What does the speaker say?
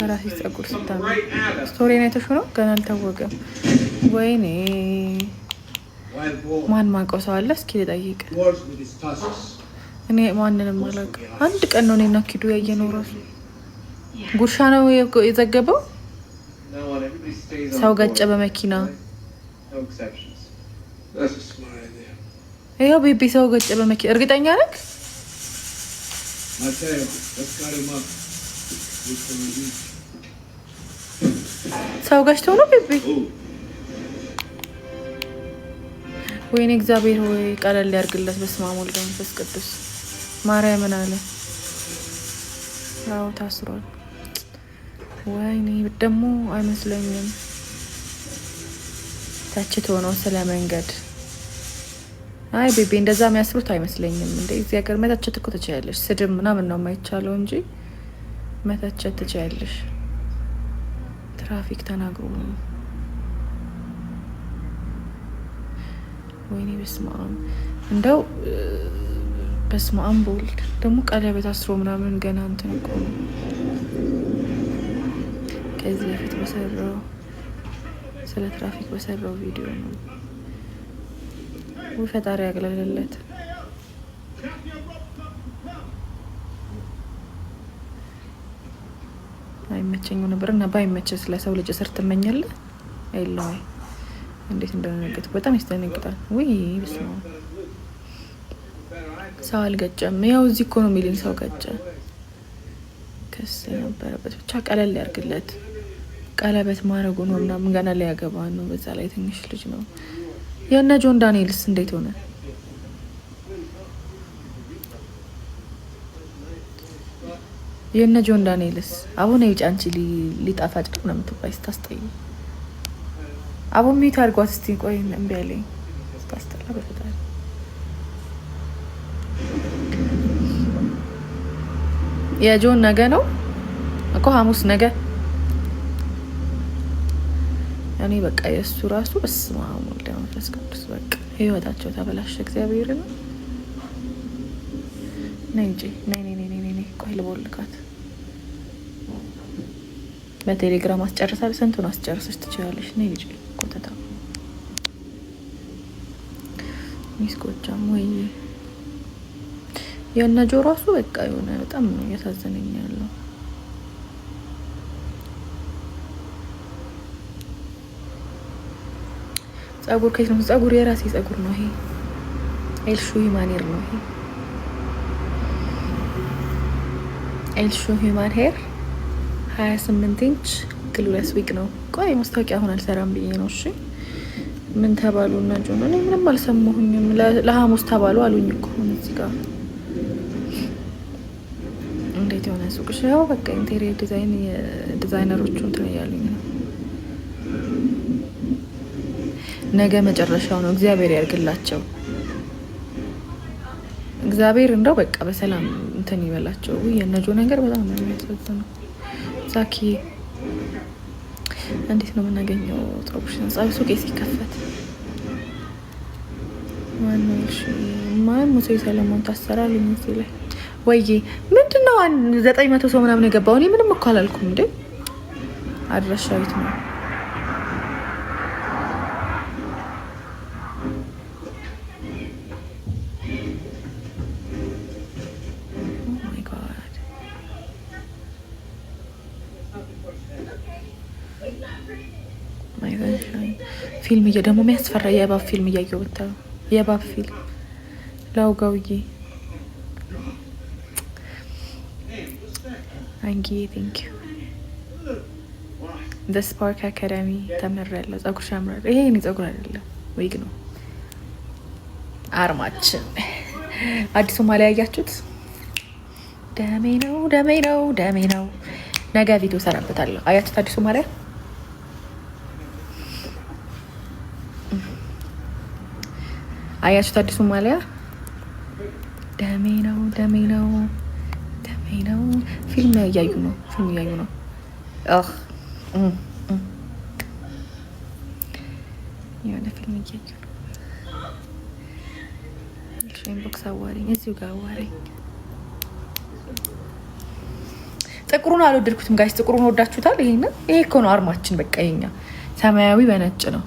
በራሴ ጸጉር ስታ ስቶሪ ነው የተሾነው። ገና አልታወቀም። ወይኔ ማን ማውቀው ሰው አለ? እስኪ ልጠይቅ። እኔ ማንንም አላውቅም። አንድ ቀን ነው እኔና ኪዱ ያየ ነው። ራሱ ጉርሻ ነው የዘገበው። ሰው ገጨ በመኪና ይኸው ቤቢ ሰው ገጨ በመኪና። እርግጠኛ ነህ? ሰው ገጭተው ነው ቢቢ። ወይኔ እግዚአብሔር ሆይ ቀለል ያርግለት በስመ አብ ወልድ መንፈስ ቅዱስ ማርያምን አለ። አዎ ታስሯል። ወይኔ ደግሞ አይመስለኝም ተችቶ ነው ስለ መንገድ አይ ቤቤ እንደዛ የሚያስሩት አይመስለኝም። እንደ እዚህ ሀገር መተቸት እኮ ትችያለሽ። ስድብ ምናምን ነው የማይቻለው እንጂ መተቸት ትችያለሽ። ትራፊክ ተናግሮ ወይኔ በስመ አብ እንደው በስመ አብ በወልድ ደግሞ ቀለበት አስሮ ምናምን ገና እንትን እኮ ከዚህ በፊት በሰራው ስለ ትራፊክ በሰራው ቪዲዮ ነው ፈጣሪ ያቅልልለት። አይመቸኝ ነበር እና ባይመቸ ስለ ሰው ልጅ እስር ትመኛለህ? አይለዋይ እንዴት እንደነገጥ በጣም ያስደነግጣል። ውይ ብስማ ሰው አልገጨም። ያው እዚህ እኮ ነው ሚሊን ሰው ገጨ። ክስ የነበረበት ብቻ ቀለል ያርግለት። ቀለበት ማድረጉ ነው ምናምን ገና ሊያገባ ነው። በዛ ላይ ትንሽ ልጅ ነው። የነ ጆን ዳንኤልስ እንዴት ሆነ? የነ ጆን ዳንኤልስ አሁን የውጭ ሊጣፋጭ ነው የምትባይ ስታስጠይ አቡ ሚት አድርጓት እስቲ ቆይ እምቢ አለኝ ስታስጠላ በፈጣሪ የጆን ነገ ነው እኮ ሐሙስ ነገ እኔ በቃ የእሱ ራሱ እስማ ወልደ መንፈስ ቅዱስ በቃ ህይወታቸው ተበላሸ። እግዚአብሔር ነው ነይ እንጂ ነይ ነይ ነይ ቆይ ልቦልካት። በቴሌግራም አስጨርሳል። ስንቱን አስጨርሰች ትችላለች። ነ ልጅ ኮተታ ሚስኮቻም ወይ የነጆ ራሱ በቃ የሆነ በጣም ነው እያሳዘነኝ ያለው ጸጉር ከየት ነው? ጸጉር የራሴ ጸጉር ነው። ይሄ ኤልሹ ሂማን ሄር ነው። ይሄ ኤልሹ ሂማን ሄር ሀያ ኢንች ግሉለስ ዊግ ነው። ቆይ ማስታወቂያ አሁን አልሰራም ብዬ ነው። እሺ ምን ተባሉ እና ጆኖ እኔ ምንም አልሰማሁኝም። ለሐሙስ ተባሉ አሉኝ እኮ እዚህ ጋር እንዴት የሆነ ሱቅ ያው በቃ ኢንቴሪየር ዲዛይን ዲዛይነሮቹ እንትን እያሉኝ ነው ነገ መጨረሻው ነው። እግዚአብሔር ያርግላቸው። እግዚአብሔር እንደው በቃ በሰላም እንትን ይበላቸው። የነጆ ነገር በጣም ነው የሚያሳዝነው። ዛኪ እንዴት ነው የምናገኘው? ጸጉሽ ህንጻ ሱቅ ሲከፈት ማን ሙሴ ሰለሞን ታሰራል ሙሴ ላይ ወይ ምንድነው? ዘጠኝ መቶ ሰው ምናምን የገባው እኔ ምንም እኮ አላልኩም እንዴ። አድራሻዊት ነው Oh ፊልም ደግሞ የሚያስፈራ የእባብ ፊልም እያየሁ ብታዩ የእባብ ፊልም ለውጋውዬ አንጊዬ ቴንኪዩ ደስፓርክ አካዳሚ ተምሬያለሁ። ጸጉር ሻምራል። ይሄ እኔ ጸጉር አይደለም ዊግ ነው። አርማችን አዲሱ ማሊያ ያያችሁት? ደሜ ነው፣ ደሜ ነው፣ ደሜ ነው። ነገ ቪዲዮ ሰናበታለሁ። አያችሁት አዲሱ ማርያም አያችሁት አዲሱ ማሊያ ደሜ ነው ደሜ ነው ደሜ ነው። ፊልም እያዩ ነው ፊልም እያዩ ነው። የሆነ ፊልም እያዩ ነው። ኢንቦክስ አዋሪኝ፣ እዚሁ ጋር አዋሪኝ። ጥቁሩን አልወደድኩትም ጋይስ። ጥቁሩን ወዳችሁታል? ይሄንን ይሄ እኮ ነው አርማችን። በቃ የኛ ሰማያዊ በነጭ ነው።